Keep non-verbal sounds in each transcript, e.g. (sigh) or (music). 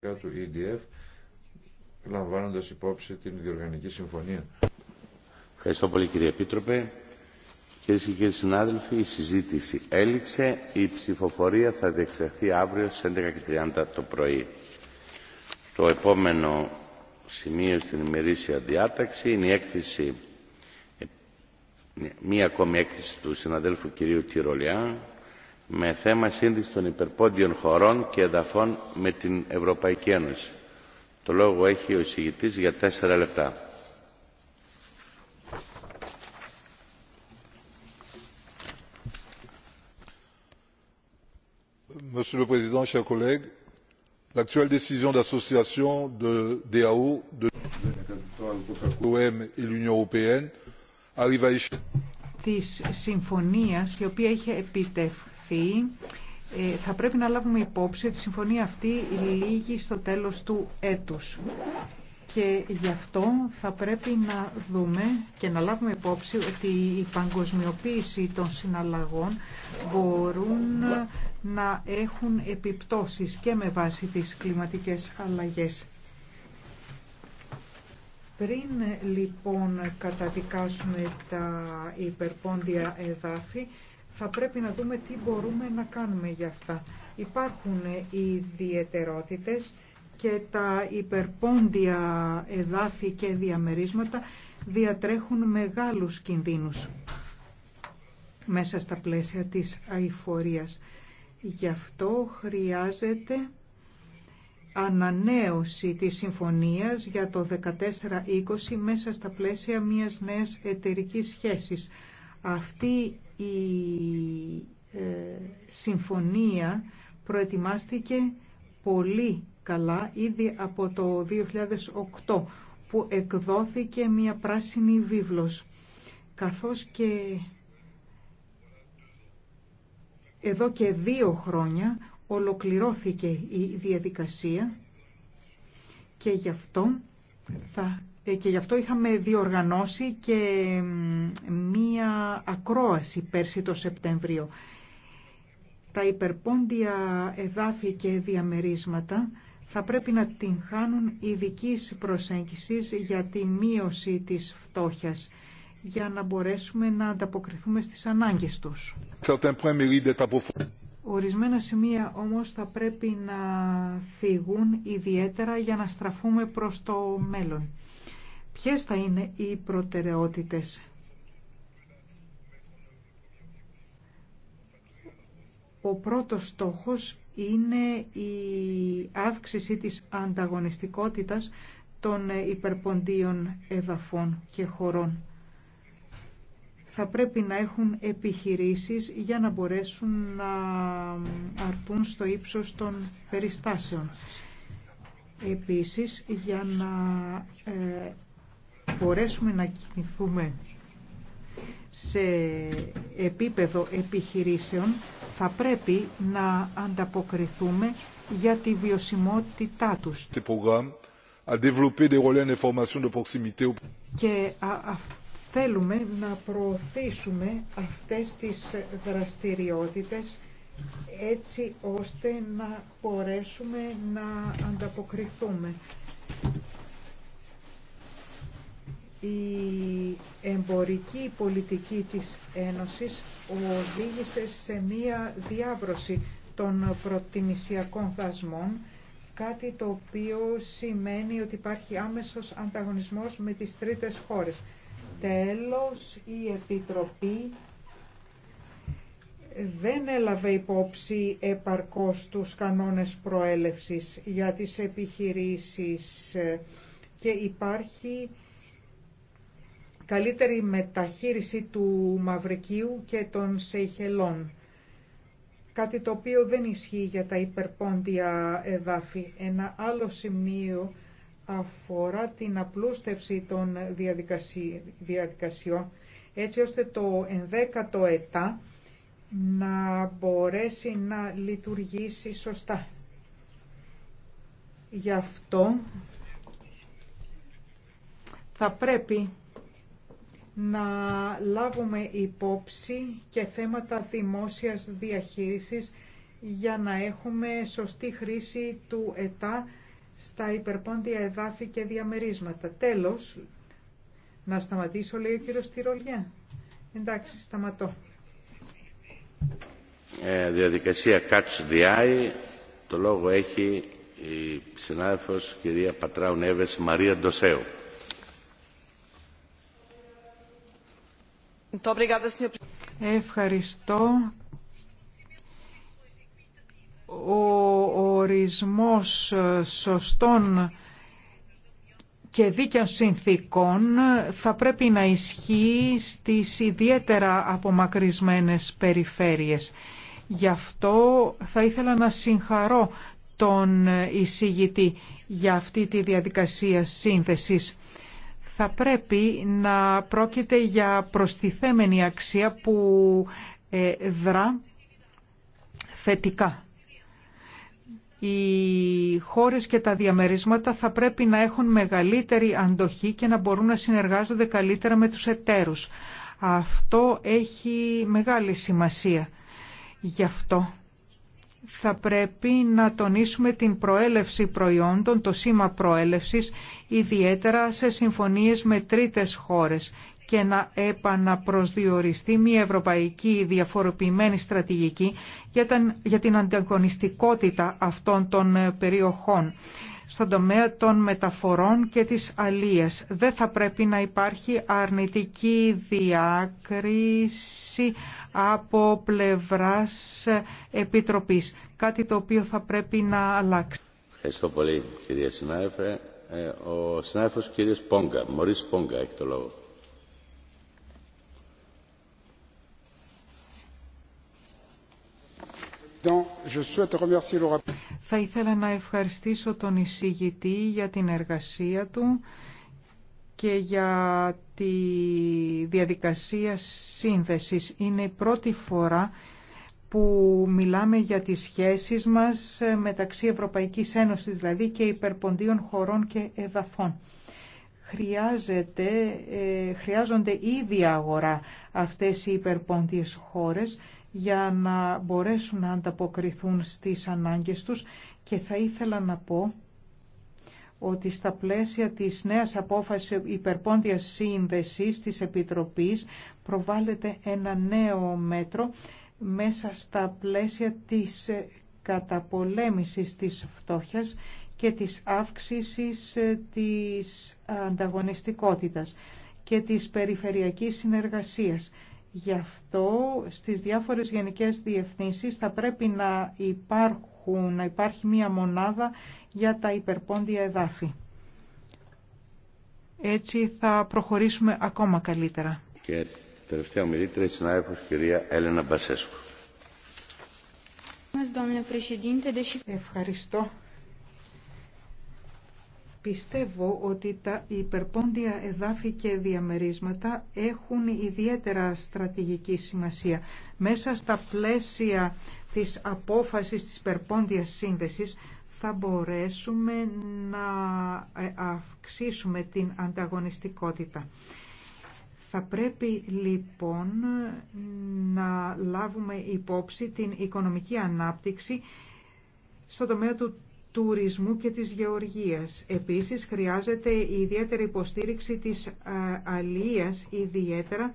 του EDF λαμβάνοντας υπόψη την διοργανική συμφωνία. Ευχαριστώ πολύ κύριε Επίτροπε. Κυρίε και κύριοι συνάδελφοι, η συζήτηση έληξε. Η ψηφοφορία θα διεξαχθεί αύριο στις 11.30 το πρωί. Το επόμενο σημείο στην ημερήσια διάταξη είναι η έκθεση, ε, μία ακόμη έκθεση του συναδέλφου κυρίου Τυρολιά με θέμα σύνδεση των υπερπόντιων χωρών και εδαφών με την Ευρωπαϊκή Ένωση. Το λόγο έχει ο εισηγητής για τέσσερα λεπτά. Monsieur le Président, chers collègues, l'actuelle Της συμφωνίας η οποία είχε επιτευχθεί ε, θα πρέπει να λάβουμε υπόψη ότι η συμφωνία αυτή λύγει στο τέλος του έτους. Και γι' αυτό θα πρέπει να δούμε και να λάβουμε υπόψη ότι η παγκοσμιοποίηση των συναλλαγών μπορούν να έχουν επιπτώσεις και με βάση τις κλιματικές αλλαγές. Πριν λοιπόν καταδικάσουμε τα υπερπόντια εδάφη, θα πρέπει να δούμε τι μπορούμε να κάνουμε για αυτά. Υπάρχουν ε, ιδιαιτερότητες και τα υπερπόντια εδάφη και διαμερίσματα διατρέχουν μεγάλους κινδύνους μέσα στα πλαίσια της αηφορίας. Γι' αυτό χρειάζεται ανανέωση της συμφωνίας για το 14-20 μέσα στα πλαίσια μιας νέας εταιρικής σχέσης αυτή η ε, συμφωνία προετοιμάστηκε πολύ καλά ήδη από το 2008 που εκδόθηκε μια πράσινη βίβλος καθώς και εδώ και δύο χρόνια ολοκληρώθηκε η διαδικασία και γι' αυτό θα ε, και γι' αυτό είχαμε διοργανώσει και μία ακρόαση πέρσι το Σεπτέμβριο. Τα υπερπόντια εδάφη και διαμερίσματα θα πρέπει να την χάνουν ειδική προσέγγιση για τη μείωση της φτώχειας για να μπορέσουμε να ανταποκριθούμε στις ανάγκες τους. Ορισμένα σημεία όμως θα πρέπει να φύγουν ιδιαίτερα για να στραφούμε προς το μέλλον. Ποιες θα είναι οι προτεραιότητες. Ο πρώτος στόχος είναι η αύξηση της ανταγωνιστικότητας των υπερποντίων εδαφών και χωρών. Θα πρέπει να έχουν επιχειρήσεις για να μπορέσουν να αρπούν στο ύψος των περιστάσεων. Επίσης, για να ε, μπορέσουμε να κινηθούμε σε επίπεδο επιχειρήσεων θα πρέπει να ανταποκριθούμε για τη βιωσιμότητά τους. Και θέλουμε να προωθήσουμε αυτές τις δραστηριότητες έτσι ώστε να μπορέσουμε να ανταποκριθούμε η εμπορική πολιτική της Ένωσης οδήγησε σε μία διάβρωση των προτιμησιακών δασμών, κάτι το οποίο σημαίνει ότι υπάρχει άμεσος ανταγωνισμός με τις τρίτες χώρες. Τέλος, η Επιτροπή δεν έλαβε υπόψη επαρκώς τους κανόνες προέλευσης για τις επιχειρήσεις ε, και υπάρχει καλύτερη μεταχείριση του Μαυρικίου και των Σεϊχελών. Κάτι το οποίο δεν ισχύει για τα υπερπόντια εδάφη. Ένα άλλο σημείο αφορά την απλούστευση των διαδικασιών, έτσι ώστε το 11 ετά να μπορέσει να λειτουργήσει σωστά. Γι' αυτό θα πρέπει να λάβουμε υπόψη και θέματα δημόσιας διαχείρισης για να έχουμε σωστή χρήση του ΕΤΑ στα υπερπόντια εδάφη και διαμερίσματα. Τέλος, να σταματήσω λέει ο κύριος Τυρολιά. Εντάξει, σταματώ. Ε, διαδικασία Catch the Eye. Το λόγο έχει η συνάδελφος κυρία Πατράου Νέβες Μαρία Ντοσέου. Ευχαριστώ. Ο ορισμός σωστών και δίκαιων συνθήκων θα πρέπει να ισχύει στις ιδιαίτερα απομακρυσμένες περιφέρειες. Γι' αυτό θα ήθελα να συγχαρώ τον εισηγητή για αυτή τη διαδικασία σύνθεσης θα πρέπει να πρόκειται για προστιθέμενη αξία που ε, δρά θετικά. Οι χώρες και τα διαμερίσματα θα πρέπει να έχουν μεγαλύτερη αντοχή και να μπορούν να συνεργάζονται καλύτερα με τους εταίρους. Αυτό έχει μεγάλη σημασία. Γι' αυτό θα πρέπει να τονίσουμε την προέλευση προϊόντων, το σήμα προέλευσης, ιδιαίτερα σε συμφωνίες με τρίτες χώρες και να επαναπροσδιοριστεί μια ευρωπαϊκή διαφοροποιημένη στρατηγική για την ανταγωνιστικότητα αυτών των ε, περιοχών στον τομέα των μεταφορών και της αλίας. Δεν θα πρέπει να υπάρχει αρνητική διάκριση από πλευράς Επιτροπής. Κάτι το οποίο θα πρέπει να αλλάξει. Ευχαριστώ πολύ κυρία συνάδελφε. Ε, ο συνάδελφος κύριος Πόγκα, Μωρίς Πόγκα έχει το λόγο. Θα ήθελα να ευχαριστήσω τον εισηγητή για την εργασία του και για τη διαδικασία σύνθεσης Είναι η πρώτη φορά που μιλάμε για τις σχέσεις μας μεταξύ Ευρωπαϊκής Ένωσης δηλαδή και υπερποντίων χωρών και εδαφών. Χρειάζεται, ε, χρειάζονται ήδη αγορά αυτές οι υπερποντίες χώρες για να μπορέσουν να ανταποκριθούν στις ανάγκες τους και θα ήθελα να πω ότι στα πλαίσια της νέας απόφασης υπερπόντιας σύνδεσης της Επιτροπής προβάλλεται ένα νέο μέτρο μέσα στα πλαίσια της καταπολέμησης της φτώχειας και της αύξησης της ανταγωνιστικότητας και της περιφερειακής συνεργασίας Γι' αυτό στις διάφορες γενικές διευθύνσεις θα πρέπει να, υπάρχουν, να υπάρχει μία μονάδα για τα υπερπόντια εδάφη. Έτσι θα προχωρήσουμε ακόμα καλύτερα. Και τελευταία ομιλήτρια η συνάδελφος κυρία Έλενα Μπασέσκου. Ευχαριστώ. Πιστεύω ότι τα υπερπόντια εδάφη και διαμερίσματα έχουν ιδιαίτερα στρατηγική σημασία. Μέσα στα πλαίσια της απόφασης της υπερπόντιας σύνδεσης θα μπορέσουμε να ε, αυξήσουμε την ανταγωνιστικότητα. Θα πρέπει λοιπόν να λάβουμε υπόψη την οικονομική ανάπτυξη στο τομέα του τουρισμού και της γεωργίας. Επίσης χρειάζεται η ιδιαίτερη υποστήριξη της αλίας ιδιαίτερα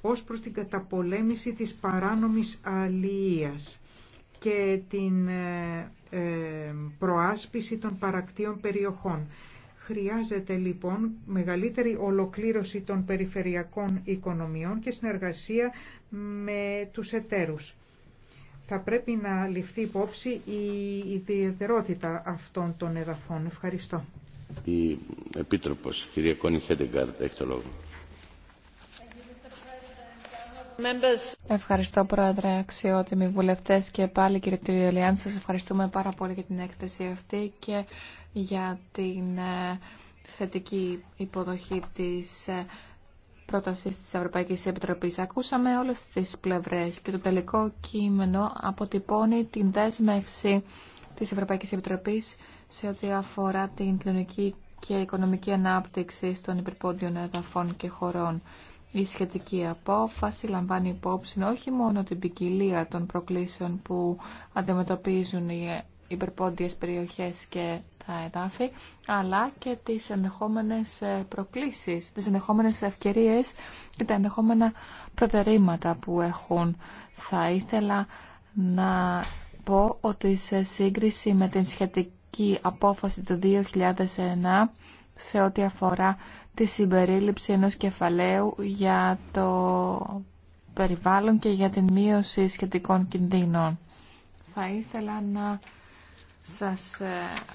ως προς την καταπολέμηση της παράνομης αλίας και την ε, ε, προάσπιση των παρακτήων περιοχών. Χρειάζεται λοιπόν μεγαλύτερη ολοκλήρωση των περιφερειακών οικονομιών και συνεργασία με τους εταίρους θα πρέπει να ληφθεί υπόψη η ιδιαιτερότητα αυτών των εδαφών. Ευχαριστώ. Η Επίτροπος, κυρία Κόνη Χέντεγκάρτ, έχει το λόγο. Ευχαριστώ Πρόεδρε, αξιότιμοι βουλευτές και πάλι κύριε Τριολιάν, σα ευχαριστούμε πάρα πολύ για την έκθεση αυτή και για την ε, θετική υποδοχή της ε, πρόταση της Ευρωπαϊκής Επιτροπής. Ακούσαμε όλες τις πλευρές και το τελικό κείμενο αποτυπώνει την δέσμευση της Ευρωπαϊκής Επιτροπής σε ό,τι αφορά την κοινωνική και οικονομική ανάπτυξη των υπερπόντιων εδαφών και χωρών. Η σχετική απόφαση λαμβάνει υπόψη όχι μόνο την ποικιλία των προκλήσεων που αντιμετωπίζουν οι υπερπόντιες περιοχές και τα εδάφη, αλλά και τις ενδεχόμενες ε, προκλήσεις, τις ενδεχόμενες ευκαιρίες και τα ενδεχόμενα προτερήματα που έχουν. Θα ήθελα να πω ότι σε σύγκριση με την σχετική απόφαση του 2001 σε ό,τι αφορά τη συμπερίληψη ενός κεφαλαίου για το περιβάλλον και για την μείωση σχετικών κινδύνων. Θα ήθελα να σας ε,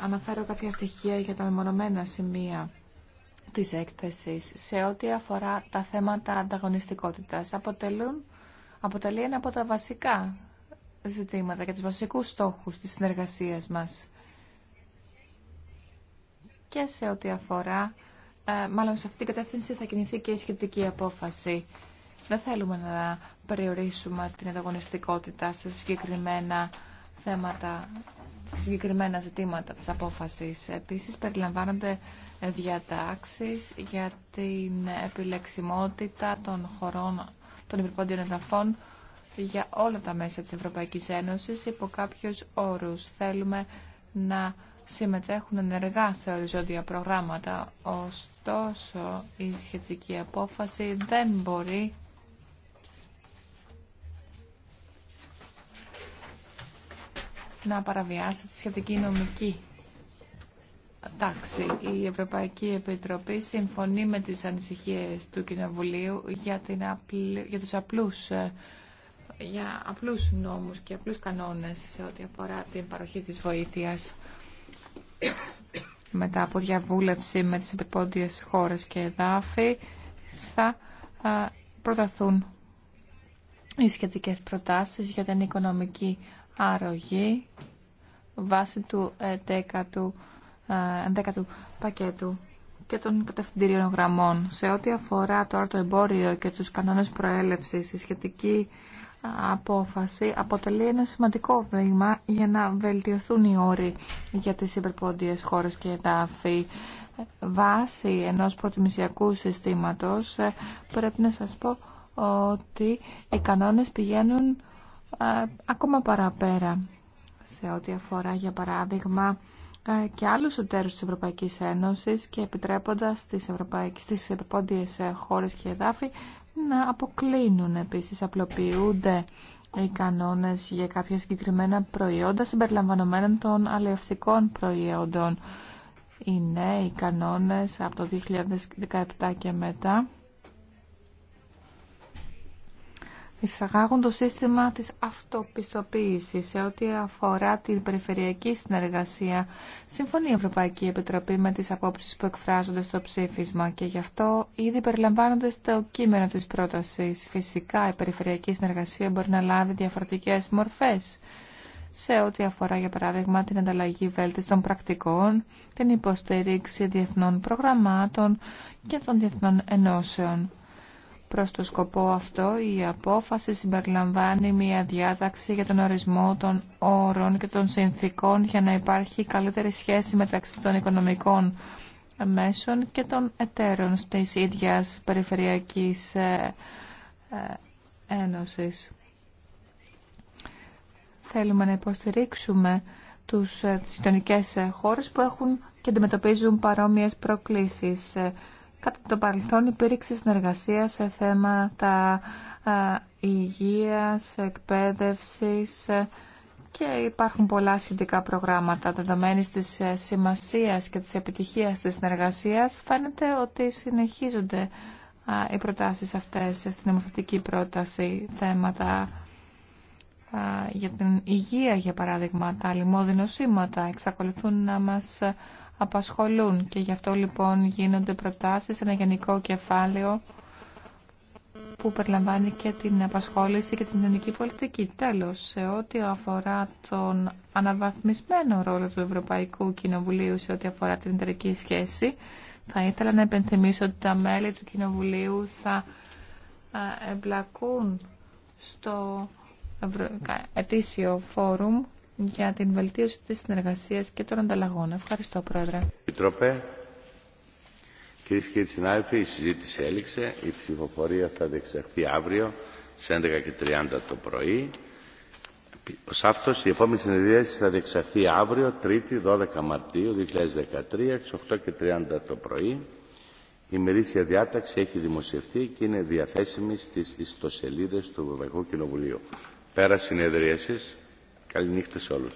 αναφέρω κάποια στοιχεία για τα μεμονωμένα σημεία της έκθεσης σε ό,τι αφορά τα θέματα ανταγωνιστικότητας. Αποτελούν, αποτελεί ένα από τα βασικά ζητήματα και τους βασικούς στόχους της συνεργασίας μας και σε ό,τι αφορά, ε, μάλλον σε αυτήν την κατεύθυνση θα κινηθεί και η σχετική απόφαση. Δεν θέλουμε να περιορίσουμε την ανταγωνιστικότητα σε συγκεκριμένα θέματα, συγκεκριμένα ζητήματα της απόφασης. Επίσης, περιλαμβάνονται διατάξεις για την επιλεξιμότητα των χωρών των υπερπόντιων εδαφών για όλα τα μέσα της Ευρωπαϊκής Ένωσης υπό κάποιους όρους. Θέλουμε να συμμετέχουν ενεργά σε οριζόντια προγράμματα. Ωστόσο, η σχετική απόφαση δεν μπορεί να παραβιάσει τη σχετική νομική τάξη. Η Ευρωπαϊκή Επιτροπή συμφωνεί με τις ανησυχίες του Κοινοβουλίου για, την τους απλούς ε, για απλούς νόμους και απλούς κανόνες σε ό,τι αφορά την παροχή της βοήθειας (coughs) μετά από διαβούλευση με τις επιπόντιες χώρες και εδάφη θα ε, προταθούν οι σχετικές προτάσεις για την οικονομική αρρωγή βάσει του 10% ου ε, πακέτου και των κατευθυντήριων γραμμών. Σε ό,τι αφορά τώρα το εμπόριο και τους κανόνες προέλευσης, η σχετική απόφαση αποτελεί ένα σημαντικό βήμα για να βελτιωθούν οι όροι για τις υπερπόντιες χώρες και εδάφη. Βάσει ενός προτιμησιακού συστήματος ε, πρέπει να σας πω ότι οι κανόνες πηγαίνουν ε, ακόμα παραπέρα σε ό,τι αφορά για παράδειγμα ε, και άλλους εταίρους της Ευρωπαϊκής Ένωσης και επιτρέποντας στις ευρωπαϊκές, στις ε, χώρες και εδάφη να αποκλίνουν επίσης, απλοποιούνται οι κανόνες για κάποια συγκεκριμένα προϊόντα συμπεριλαμβανομένων των αλληλευτικών προϊόντων. Είναι Οι κανόνες από το 2017 και μετά εισαγάγουν το σύστημα της αυτοπιστοποίησης σε ό,τι αφορά την περιφερειακή συνεργασία. Συμφωνεί η Ευρωπαϊκή Επιτροπή με τις απόψεις που εκφράζονται στο ψήφισμα και γι' αυτό ήδη περιλαμβάνονται στο κείμενο της πρότασης. Φυσικά η περιφερειακή συνεργασία μπορεί να λάβει διαφορετικές μορφές σε ό,τι αφορά για παράδειγμα την ανταλλαγή βέλτιστων πρακτικών, την υποστήριξη διεθνών προγραμμάτων και των διεθνών ενώσεων. Προς το σκοπό αυτό η απόφαση συμπεριλαμβάνει μια διάταξη για τον ορισμό των όρων και των συνθήκων για να υπάρχει καλύτερη σχέση μεταξύ των οικονομικών μέσων και των εταίρων τη ίδιας περιφερειακής ε, ε, ένωσης. Θέλουμε να υποστηρίξουμε τους, ε, τις χώρες που έχουν και αντιμετωπίζουν παρόμοιες προκλήσεις Κατά το παρελθόν υπήρξε συνεργασία σε θέματα υγείας, εκπαίδευσης ε, και υπάρχουν πολλά σχετικά προγράμματα. Δεδομένης της ε, σημασίας και της επιτυχίας της συνεργασίας φαίνεται ότι συνεχίζονται οι προτάσεις αυτές στην νομοθετική πρόταση θέματα για την υγεία, για παράδειγμα, τα νοσήματα εξακολουθούν να μας απασχολούν και γι' αυτό λοιπόν γίνονται προτάσεις σε ένα γενικό κεφάλαιο που περιλαμβάνει και την απασχόληση και την ελληνική πολιτική. Τέλος, σε ό,τι αφορά τον αναβαθμισμένο ρόλο του Ευρωπαϊκού Κοινοβουλίου σε ό,τι αφορά την εταιρική σχέση, θα ήθελα να επενθυμίσω ότι τα μέλη του Κοινοβουλίου θα εμπλακούν στο ετήσιο φόρουμ για την βελτίωση της συνεργασίας και των ανταλλαγών. Ευχαριστώ, Πρόεδρε. Επιτροπέ, Κυρίε και κύριοι συνάδελφοι, η συζήτηση έληξε. Η ψηφοφορία θα διεξαχθεί αύριο στις 11.30 το πρωί. Ω αυτός, η επόμενη συνεδρίαση θα διεξαχθεί αύριο, 12 Μαρτίου 2013, στις 8.30 το πρωί. Η μερίσια διάταξη έχει δημοσιευτεί και είναι διαθέσιμη στις ιστοσελίδες του Ευρωπαϊκού Κοινοβουλίου. Πέρα συνεδρίασης. Καληνύχτα σε όλους.